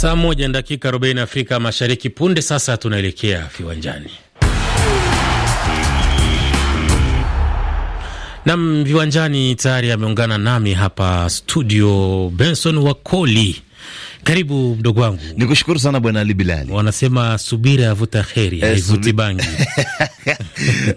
Saa moja na dakika 40 Afrika Mashariki. Punde sasa tunaelekea viwanjani. Nam viwanjani tayari ameungana nami hapa studio Benson Wakoli. Karibu mdogo wangu. kushukuru sana bwana Ali Bilali. Wanasema subira yavuta heri, eh, haivuti bangi.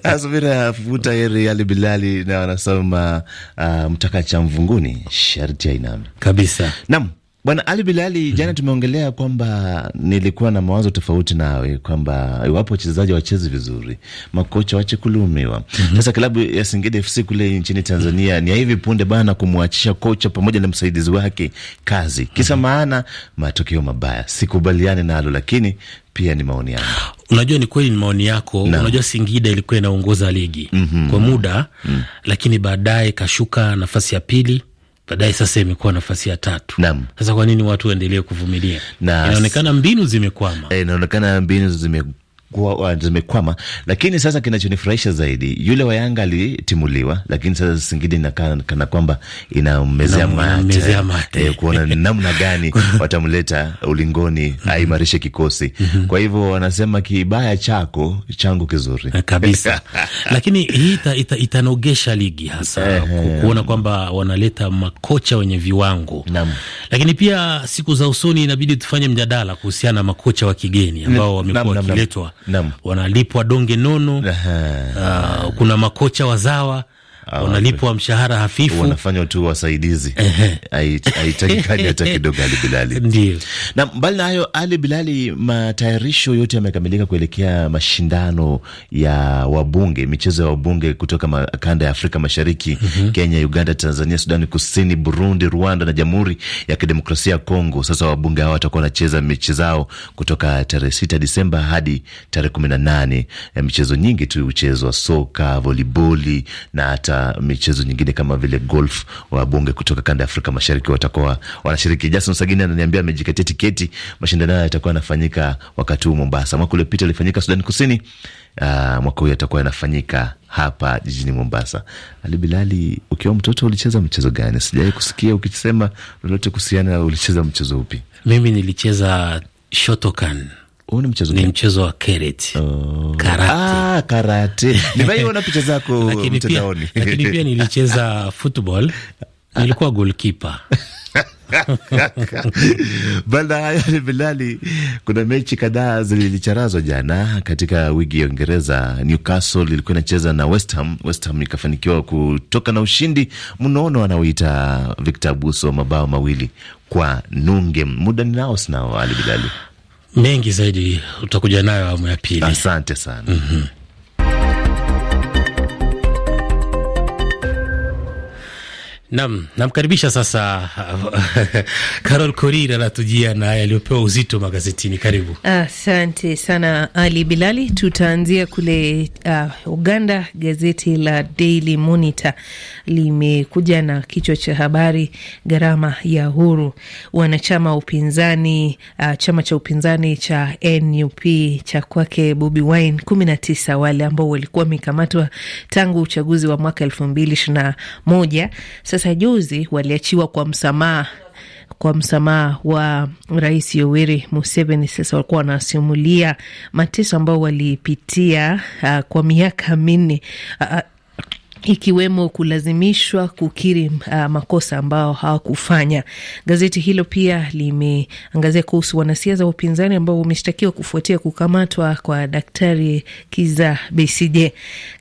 Ah, subira yavuta heri, Ali Bilali, na wanasema uh, mtaka cha mvunguni sharti ainame kabisa. Nam Bwana Ali Bilali, mhm. jana hmm, tumeongelea kwamba nilikuwa na mawazo tofauti nawe kwamba iwapo wachezaji wachezi vizuri, makocha wache kulumiwa. Mhm. Sasa hmm, klabu ya Singida FC kule nchini Tanzania mhm. ni ya hivi punde bana kumwachisha kocha pamoja na msaidizi wake kazi, kisa hmm, maana matokeo mabaya. Sikubaliani nalo, lakini pia ni maoni yangu. Unajua, ni kweli ni maoni yako na. Unajua, Singida ilikuwa inaongoza ligi mm -hmm. kwa muda mm, lakini baadaye kashuka nafasi ya pili baadaye sasa imekuwa nafasi ya tatu. Naam. Sasa kwa nini watu waendelee kuvumilia? Inaonekana mbinu zimekwama. Eh, inaonekana mbinu zimekwama kuwa zimekwama, lakini sasa kinachonifurahisha zaidi yule wa Yanga alitimuliwa, lakini sasa Singida inakaa kana kwamba inammezea mate, mate. Eh, kuona namna gani watamleta ulingoni mhm. aimarishe kikosi. Mhm. Kwa hivyo wanasema kibaya chako changu kizuri eh, kabisa lakini hii ita, ita, itanogesha ligi hasa kuona kwamba wanaleta makocha wenye viwango Namu. Lakini pia siku za usoni inabidi tufanye mjadala kuhusiana na makocha wa kigeni ambao wamekuwa wakiletwa wanalipwa donge nono. Aha. Uh, kuna makocha wazawa wanalipwa mshahara hafifu, wanafanywa tu wasaidizi. Haitakikani hata kidogo. Ali Bilali, ndio. Na mbali na hayo, Ali Bilali, matayarisho yote yamekamilika kuelekea mashindano ya wabunge, michezo ya wabunge kutoka kanda ya Afrika Mashariki mm -hmm. Kenya, Uganda, Tanzania, Sudani Kusini, Burundi, Rwanda na Jamhuri ya Kidemokrasia ya Kongo. Sasa wabunge hawa watakuwa wanacheza mechi zao kutoka tarehe sita Disemba hadi tarehe kumi na nane. E, michezo nyingi tu huchezwa, soka, voliboli na hata michezo nyingine kama vile golf, wabunge kutoka kanda ya Afrika Mashariki watakuwa wanashiriki. Jason Sagini ananiambia amejikatia tiketi. Mashindano hayo yatakuwa yanafanyika wakati huu Mombasa. Mwaka uliopita alifanyika Sudan Kusini. Uh, mwaka huu yatakuwa yanafanyika hapa jijini Mombasa. Ali Bilali, ukiwa mtoto ulicheza mchezo gani? Sijawai kusikia ukisema lolote kuhusiana, ulicheza mchezo upi? Mimi nilicheza shotokan huu ni mchezo ni mchezo wa Oh. Karate. Ah, karate. Nimeiona picha zako mtandaoni. Lakini pia nilicheza football. Nilikuwa goalkeeper. hayo Bilali, kuna mechi kadhaa zilicharazwa jana katika wigi ya Uingereza. Newcastle ilikuwa inacheza na West Ham. West Ham ikafanikiwa kutoka na ushindi mnono anaoita Victor Buso, mabao mawili kwa nunge. Muda ninao sinao, Ali Bilali mengi zaidi utakuja nayo awamu ya pili. Asante sana. mm -hmm. Nam, namkaribisha sasa uh, Carol Korir anatujia na yaliyopewa uzito magazetini. Karibu. Asante sana Ali Bilali. Tutaanzia kule uh, Uganda. Gazeti la Daily Monitor limekuja na kichwa cha habari, gharama ya huru. Wanachama upinzani, uh, chama cha upinzani cha NUP cha kwake Bobi Wine, kumi na tisa wale ambao walikuwa wamekamatwa tangu uchaguzi wa mwaka elfu mbili ishirini na moja sasa sasa juzi waliachiwa kwa msamaha kwa msamaha wa Rais Yoweri Museveni. Sasa walikuwa wanasimulia mateso ambao walipitia uh, kwa miaka minne uh, uh ikiwemo kulazimishwa kukiri uh, makosa ambao hawakufanya. Gazeti hilo pia limeangazia kuhusu wanasiasa wa upinzani ambao wameshtakiwa kufuatia kukamatwa kwa Daktari Kiza Besigye.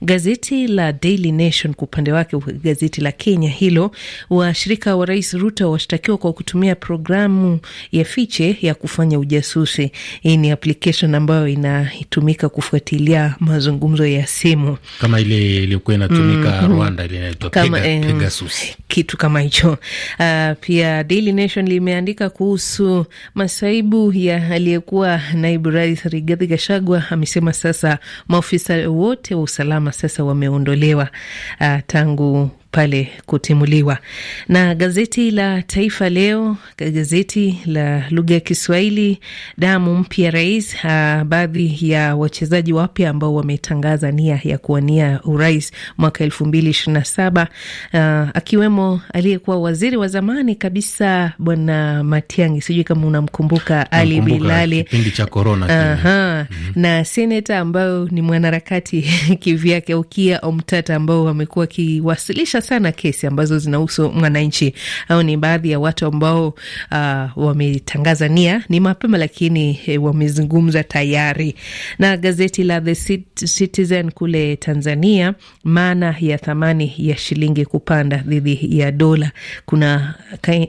Gazeti la Daily Nation kwa upande wake, gazeti la Kenya hilo, washirika wa Rais Ruto washtakiwa kwa kutumia programu ya fiche ya kufanya ujasusi. Hii ni application ambayo inatumika kufuatilia mazungumzo ya simu kama ile iliyokuwa inatumika mm. Mm-hmm. Rwanda linaitwa eh, Pegasus, kitu kama hicho. Uh, pia Daily Nation limeandika kuhusu masaibu ya aliyekuwa naibu rais Rigathi Gachagua. Amesema sasa maofisa wote wa usalama sasa wameondolewa uh, tangu pale kutimuliwa. Na gazeti la Taifa Leo, gazeti la lugha ya Kiswahili, damu mpya rais. Ah, baadhi ya wachezaji wapya ambao wametangaza nia ya kuwania urais mwaka elfu mbili ishirini na saba ah, akiwemo aliyekuwa waziri wa zamani kabisa Bwana Matiang'i, sijui kama unamkumbuka, Ali Bilali kipindi cha korona. Aha, mm -hmm. na seneta ambayo ni mwanaharakati kivyake ukia Omtata ambao wamekuwa wakiwasilisha sana kesi ambazo zinahusu mwananchi. Au ni baadhi ya watu ambao uh, wametangaza nia ni mapema, lakini eh, wamezungumza tayari. Na gazeti la The Citizen kule Tanzania, maana ya thamani ya shilingi kupanda dhidi ya dola, kuna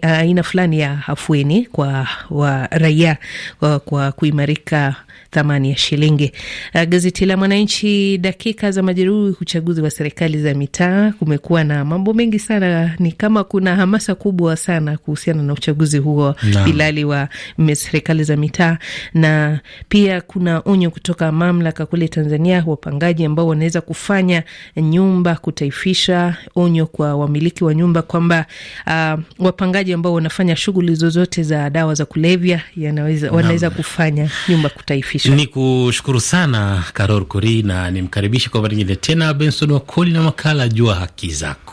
aina fulani ya afueni kwa wa raia kwa, kwa kuimarika thamani ya shilingi. Uh, gazeti la Mwananchi, dakika za majeruhi uchaguzi wa serikali za mitaa, kumekuwa na mambo mengi sana, ni kama kuna hamasa kubwa sana kuhusiana na uchaguzi huo Bilali wa serikali za mitaa, na pia kuna onyo kutoka mamlaka kule Tanzania, wapangaji ambao wanaweza kufanya nyumba kutaifisha, onyo kwa wamiliki wa nyumba kwamba uh, wapangaji ambao wanafanya shughuli zozote za dawa za kulevya yanaweza wanaweza kufanya nyumba kutaifisha. Ni kushukuru sana Karol Kori na nimkaribishe kwa mara nyingine tena Benson Wakoli na makala Jua Haki Zako.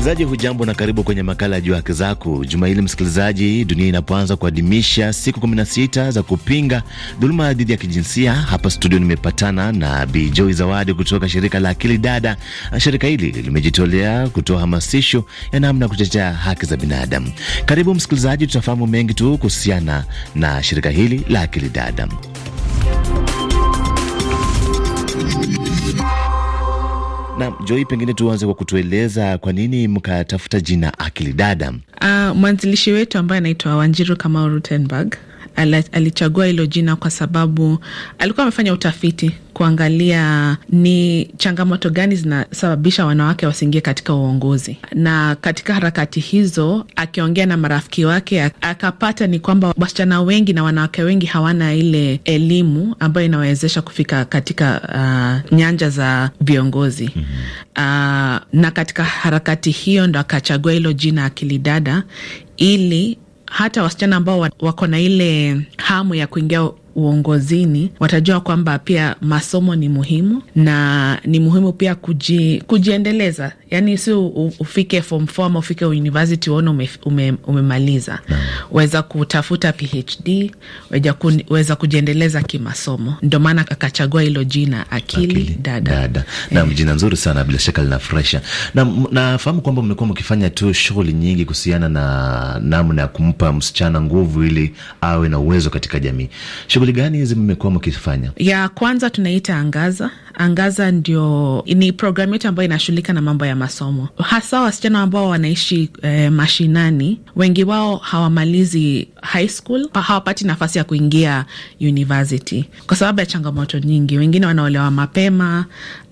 Msikilizaji hujambo na karibu kwenye makala ya Jua Haki Zako. Juma hili msikilizaji, dunia inapoanza kuadhimisha siku 16 za kupinga dhuluma dhidi ya kijinsia, hapa studio nimepatana na Bi Joy Zawadi kutoka shirika la Akili Dada. Shirika hili limejitolea kutoa hamasisho ya namna ya kutetea haki za binadamu. Karibu msikilizaji, tutafahamu mengi tu kuhusiana na shirika hili la Akili Dada. Na Joi, pengine tuanze kwa kutueleza kwa nini mkatafuta jina Akili Dada. Uh, mwanzilishi wetu ambaye anaitwa Wanjiru Kamau Rutenberg alichagua hilo jina kwa sababu alikuwa amefanya utafiti kuangalia ni changamoto gani zinasababisha wanawake wasiingie katika uongozi. Na katika harakati hizo, akiongea na marafiki wake, akapata ni kwamba wasichana wengi na wanawake wengi hawana ile elimu ambayo inawawezesha kufika katika uh, nyanja za viongozi mm -hmm. uh, na katika harakati hiyo ndo akachagua hilo jina Akili Dada ili hata wasichana ambao wako na ile hamu ya kuingia uongozini watajua kwamba pia masomo ni muhimu na ni muhimu pia kuji, kujiendeleza. Yani si ufike form four ama ufike university uone ume, ume, umemaliza no. Weza kutafuta PhD, weza kujiendeleza kimasomo. Ndio maana akachagua hilo jina akili, akili dada, dada. Na eh. jina nzuri sana bila shaka linafurahisha. Na nafahamu kwamba mmekuwa mkifanya tu shughuli nyingi kuhusiana na namna ya kumpa msichana nguvu ili awe na uwezo katika jamii shughuli gani hizi mmekuwa mkifanya? Ya kwanza tunaita Angaza. Angaza ndio ni programu yetu ambayo inashughulika na mambo ya masomo, hasa wasichana ambao wanaishi eh, mashinani. Wengi wao hawamalizi high school, hawapati nafasi ya kuingia university kwa sababu ya changamoto nyingi. Wengine wanaolewa mapema,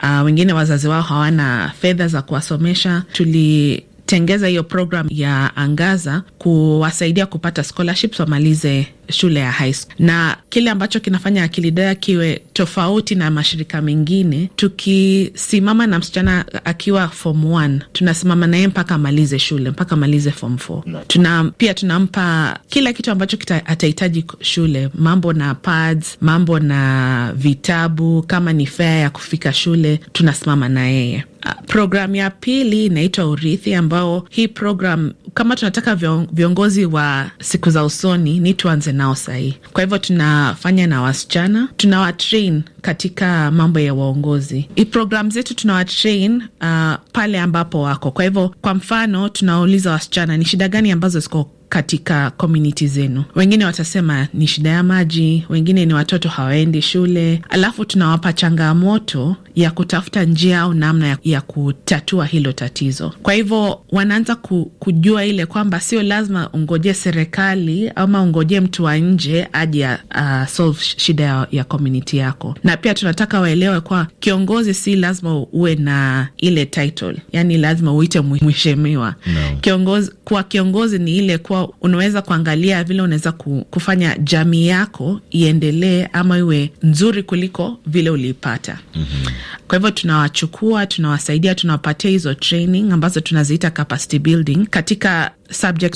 uh, wengine wazazi wao hawana fedha za kuwasomesha. Tulitengeza hiyo programu ya Angaza kuwasaidia kupata scholarships wamalize shule ya high school. Na kile ambacho kinafanya Akili Dada kiwe tofauti na mashirika mengine, tukisimama na msichana akiwa form 1 tunasimama naye mpaka amalize shule, mpaka amalize form 4. Tuna pia tunampa kila kitu ambacho atahitaji shule, mambo na pads, mambo na vitabu, kama ni fare ya kufika shule tunasimama na yeye. Ah, Programu ya pili inaitwa Urithi, ambao hii program kama tunataka viongozi wa siku za usoni ni tuanze nao sahii. Kwa hivyo tunafanya na wasichana, tunawatrain katika mambo ya waongozi. I program zetu tunawatrain uh, pale ambapo wako. Kwa hivyo, kwa mfano tunawauliza wasichana ni shida gani ambazo ziko katika komuniti zenu. Wengine watasema ni shida ya maji, wengine ni watoto hawaendi shule, alafu tunawapa changamoto ya kutafuta njia au namna ya, ya kutatua hilo tatizo. Kwa hivyo wanaanza ku, kujua ile kwamba sio lazima ungojee serikali ama ungojee mtu wa nje aje uh, solve shida ya, ya komuniti yako. Na pia tunataka waelewe kwa kiongozi si lazima uwe na ile title, yani lazima uite mheshimiwa. No. Kiongozi, kwa kiongozi ni ile kwa kuwa unaweza kuangalia vile unaweza kufanya jamii yako iendelee ama iwe nzuri kuliko vile uliipata. mm -hmm. Kwa hivyo tunawachukua, tunawasaidia, tunawapatia hizo training ambazo tunaziita capacity building katika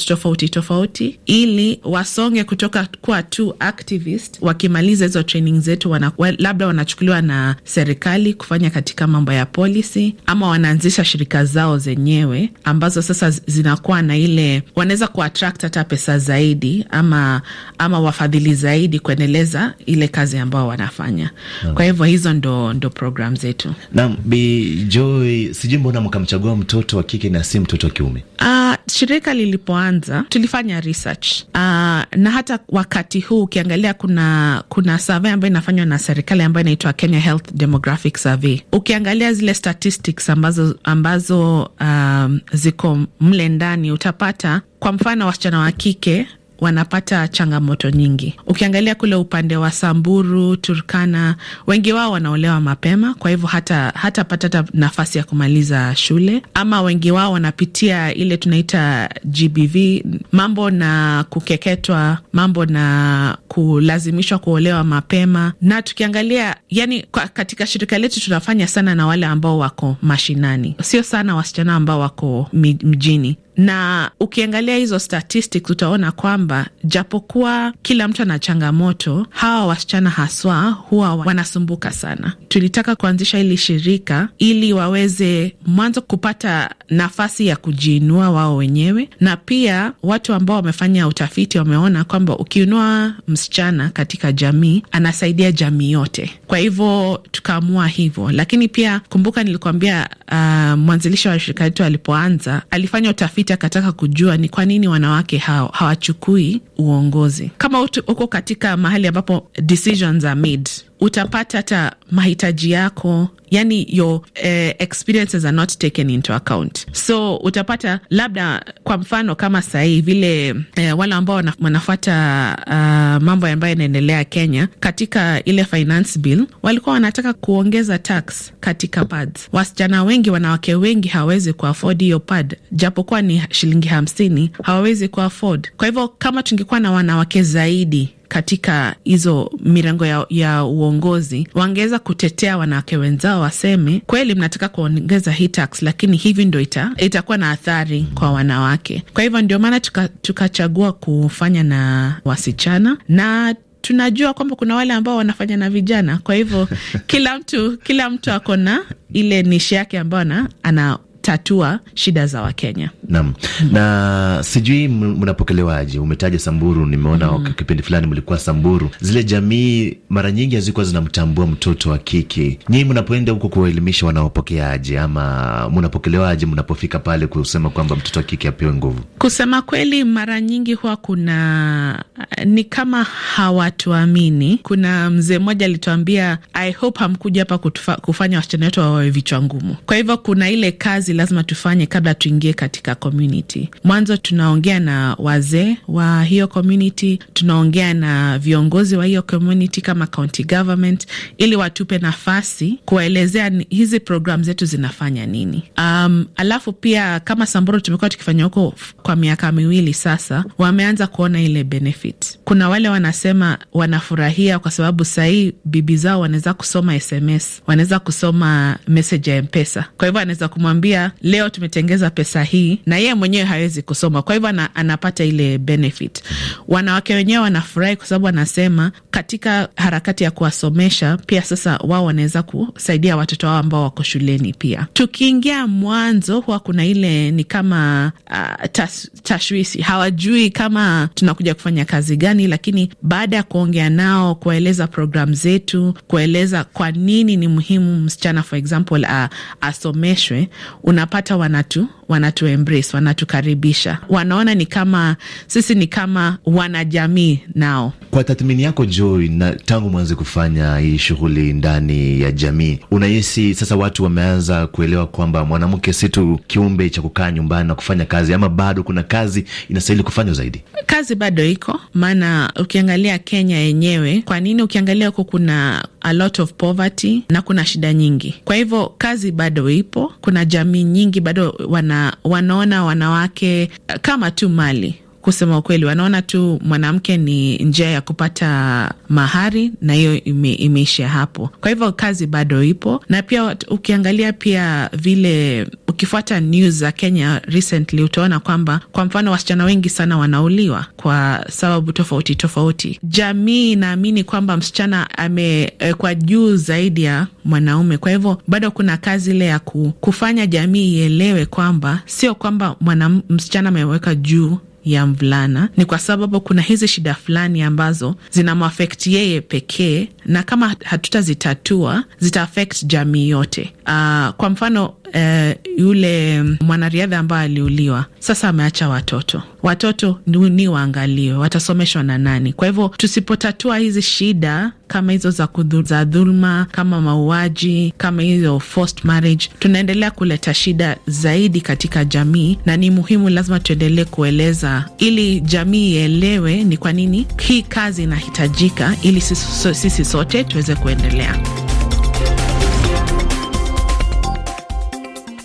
tofauti tofauti, ili wasonge kutoka kuwa tu activist. Wakimaliza hizo training zetu wana, labda wanachukuliwa na serikali kufanya katika mambo ya policy, ama wanaanzisha shirika zao zenyewe ambazo sasa zinakuwa na ile, wanaweza kuattract hata pesa zaidi ama, ama wafadhili zaidi kuendeleza ile kazi ambao wanafanya no. Kwa hivyo hizo ndo, ndo program zetu. Naam, Bi Joy, sijui mbona mkamchagua mtoto wa kike na si mtoto wa kiume? Uh, shirika lilipoanza tulifanya research uh, na hata wakati huu ukiangalia, kuna kuna survey ambayo inafanywa na serikali ambayo inaitwa Kenya Health Demographic Survey. Ukiangalia zile statistics ambazo, ambazo um, ziko mle ndani utapata kwa mfano wasichana wa kike wanapata changamoto nyingi. Ukiangalia kule upande wa Samburu, Turkana, wengi wao wanaolewa mapema, kwa hivyo hata hatapata nafasi ya kumaliza shule, ama wengi wao wanapitia ile tunaita GBV, mambo na kukeketwa, mambo na kulazimishwa kuolewa mapema. Na tukiangalia yani, kwa katika shirika letu tunafanya sana na wale ambao wako mashinani, sio sana wasichana ambao wako mjini na ukiangalia hizo statistics utaona kwamba japokuwa kila mtu ana changamoto, hawa wasichana haswa huwa wanasumbuka sana. Tulitaka kuanzisha hili shirika ili waweze mwanzo kupata nafasi ya kujiinua wao wenyewe, na pia watu ambao wamefanya utafiti wameona kwamba ukiinua msichana katika jamii anasaidia jamii yote. Kwa hivyo tukaamua hivyo, lakini pia kumbuka nilikuambia, uh, mwanzilishi wa shirika letu alipoanza alifanya utafiti kupitia akataka kujua ni kwa nini wanawake hao hawachukui uongozi. Kama utu, uko katika mahali ambapo decisions are made utapata hata mahitaji yako, yani your eh, experiences are not taken into account. So utapata labda, kwa mfano kama sahii vile eh, wale ambao wanafata uh, ah, mambo ambayo yanaendelea Kenya katika ile finance bill, walikuwa wanataka kuongeza tax katika pads. Wasichana wengi, wanawake wengi hawawezi kuafod hiyo pad, japokuwa ni shilingi hamsini, hawawezi kuafod Kwa hivyo kama tungekuwa na wanawake zaidi katika hizo mirengo ya, ya uongozi wangeweza kutetea wanawake wenzao, waseme kweli, mnataka kuongeza hii tax, lakini hivi ndo ita, itakuwa na athari kwa wanawake. Kwa hivyo ndio maana tukachagua tuka kufanya na wasichana na tunajua kwamba kuna wale ambao wanafanya na vijana. Kwa hivyo kila mtu kila mtu ako na ile nishi yake ambayo ana tatua shida za Wakenya. Naam, na sijui mnapokelewaje? Umetaja Samburu, nimeona mm. kipindi fulani mlikuwa Samburu. Zile jamii mara nyingi hazikuwa zinamtambua mtoto wa kike. Nyinyi mnapoenda huko kuwaelimisha, wanaopokeaje ama mnapokelewaje mnapofika pale kusema kwamba mtoto wa kike apewe nguvu? Kusema kweli, mara nyingi huwa kuna ni kama hawatuamini. Kuna mzee mmoja alituambia, I hope hamkuja hapa kufanya wasichana wetu wawawe vichwa ngumu. Kwa hivyo kuna ile kazi kazi lazima tufanye kabla tuingie katika community. Mwanzo tunaongea na wazee wa hiyo community, tunaongea na viongozi wa hiyo community kama county government, ili watupe nafasi kuwaelezea hizi programu zetu zinafanya nini. Um, alafu pia kama Samburu tumekuwa tukifanya huko kwa miaka miwili sasa, wameanza kuona ile benefit. Kuna wale wanasema wanafurahia kwa sababu sahii bibi zao wanaweza kusoma SMS, wanaweza kusoma message ya Mpesa, kwa hivyo anaweza kumwambia leo tumetengeza pesa hii, na yeye mwenyewe hawezi kusoma, kwa hivyo ana, anapata ile benefit. Wanawake wenyewe wanafurahi kwa sababu anasema katika harakati ya kuwasomesha pia sasa wao wanaweza kusaidia watoto wao ambao wako shuleni pia. Tukiingia mwanzo, huwa kuna ile ni kama uh, tas, tashwishi, hawajui kama tunakuja kufanya kazi gani, lakini baada ya kuongea nao, kuwaeleza programu zetu, kueleza kwa nini ni muhimu msichana for example uh, asomeshwe unapata wanatu wanatu embrace wanatukaribisha, wanaona ni kama sisi ni kama wanajamii nao. Kwa tathmini yako Joy, na tangu mwanze kufanya hii shughuli ndani ya jamii, unahisi sasa watu wameanza kuelewa kwamba mwanamke si tu kiumbe cha kukaa nyumbani na kufanya kazi, ama bado kuna kazi inastahili kufanywa zaidi? Kazi bado iko, maana ukiangalia Kenya yenyewe, kwa nini ukiangalia huko kuna a lot of poverty na kuna shida nyingi. Kwa hivyo kazi bado ipo, kuna jamii nyingi bado wana, wanaona wanawake kama tu mali kusema ukweli, wanaona tu mwanamke ni njia ya kupata mahari na hiyo ime, imeishia hapo. Kwa hivyo kazi bado ipo, na pia ukiangalia pia vile ukifuata news za Kenya recently utaona kwamba kwa mfano wasichana wengi sana wanauliwa kwa sababu tofauti tofauti. Jamii inaamini kwamba msichana amewekwa eh, juu zaidi ya mwanaume, kwa hivyo bado kuna kazi ile ya kufanya jamii ielewe kwamba sio kwamba msichana amewekwa juu ya mvulana ni kwa sababu kuna hizi shida fulani ambazo zinamwafekti yeye pekee, na kama hatutazitatua zitaafekti jamii yote. Uh, kwa mfano eh, yule mwanariadha ambaye aliuliwa sasa ameacha watoto. Watoto ni waangaliwe, watasomeshwa na nani? Kwa hivyo tusipotatua hizi shida kama hizo za, kudhul, za dhuluma kama mauaji kama hizo forced marriage, tunaendelea kuleta shida zaidi katika jamii, na ni muhimu, lazima tuendelee kueleza ili jamii ielewe ni kwa nini hii kazi inahitajika, ili sisi, sisi sote tuweze kuendelea.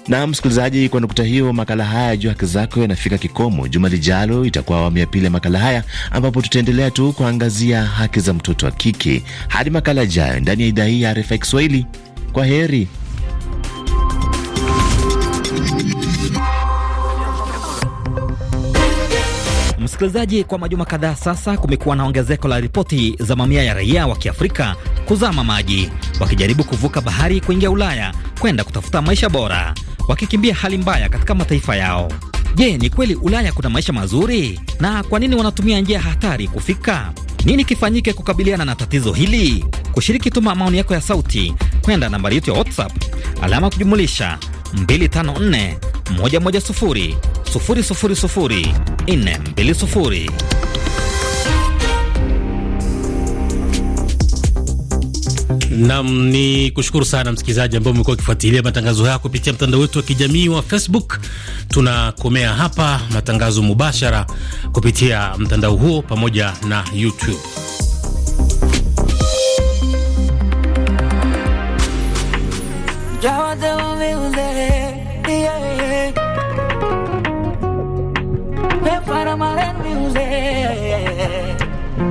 Na msikilizaji, kwa nukta hiyo, makala haya juu haki zako yanafika kikomo. Juma lijalo itakuwa awamu ya pili ya makala haya, ambapo tutaendelea tu kuangazia haki za mtoto wa kike. Hadi makala ajayo ndani ya idhaa hii ya RFI Kiswahili, kwa heri. Msikilizaji, kwa majuma kadhaa sasa kumekuwa na ongezeko la ripoti za mamia ya raia wa Kiafrika kuzama maji wakijaribu kuvuka bahari kuingia Ulaya kwenda kutafuta maisha bora wakikimbia hali mbaya katika mataifa yao. Je, ni kweli Ulaya kuna maisha mazuri? Na kwa nini wanatumia njia hatari kufika? Nini kifanyike kukabiliana na tatizo hili? Kushiriki, tuma maoni yako ya sauti kwenda nambari yetu ya WhatsApp alama kujumulisha 254 110 000 420. Nam ni kushukuru sana msikilizaji ambao umekuwa ukifuatilia matangazo haya kupitia mtandao wetu wa kijamii wa Facebook. Tunakomea hapa matangazo mubashara kupitia mtandao huo pamoja na YouTube.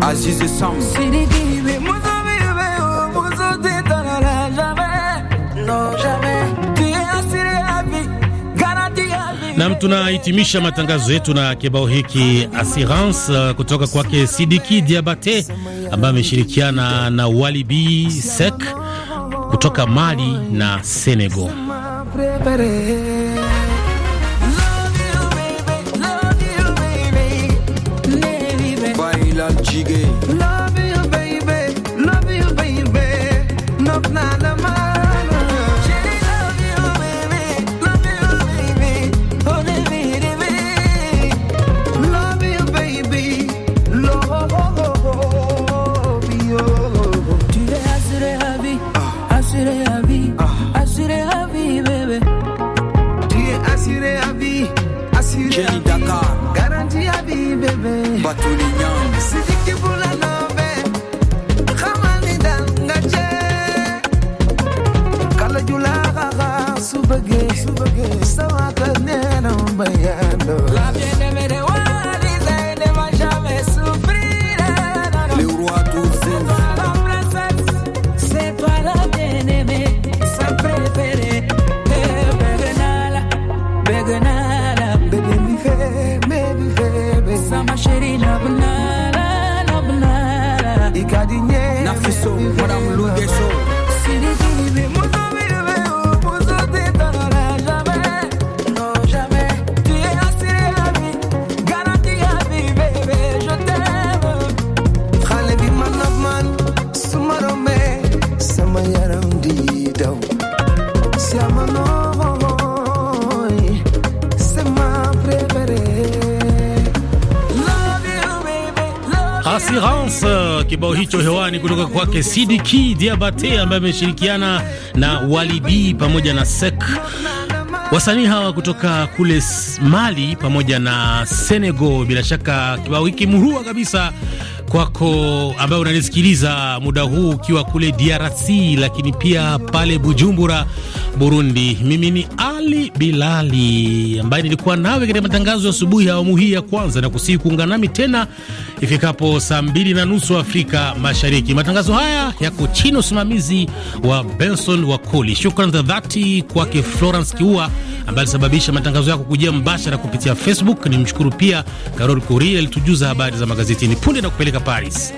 Azize Sam Nam, tunahitimisha matangazo yetu na kibao hiki Assurance uh, kutoka kwake Sidiki Diabate ambaye ameshirikiana na Walibi Sek kutoka Mali na Senegal. Jenny so, but I'm looking kibao hicho hewani kutoka kwake Sidiki Diabate ambaye ameshirikiana na Walidi pamoja na Sek. Wasanii hawa kutoka kule Mali pamoja na Senegal. Bila shaka kibao hiki murua kabisa kwako ambaye unanisikiliza muda huu ukiwa kule DRC, lakini pia pale Bujumbura Burundi. Mimi ni Ali Bilali ambaye nilikuwa nawe katika matangazo ya asubuhi ya awamu hii ya kwanza, na kusihi kuungana nami tena ifikapo saa mbili na nusu Afrika Mashariki. Matangazo haya yako chini ya usimamizi wa Benson Wakoli. shukran za dhati kwake Florence Kiua ambaye alisababisha matangazo yako kujia mbashara kupitia Facebook. Ni mshukuru pia Carol kuri alitujuza habari za magazetini punde na kupeleka Paris.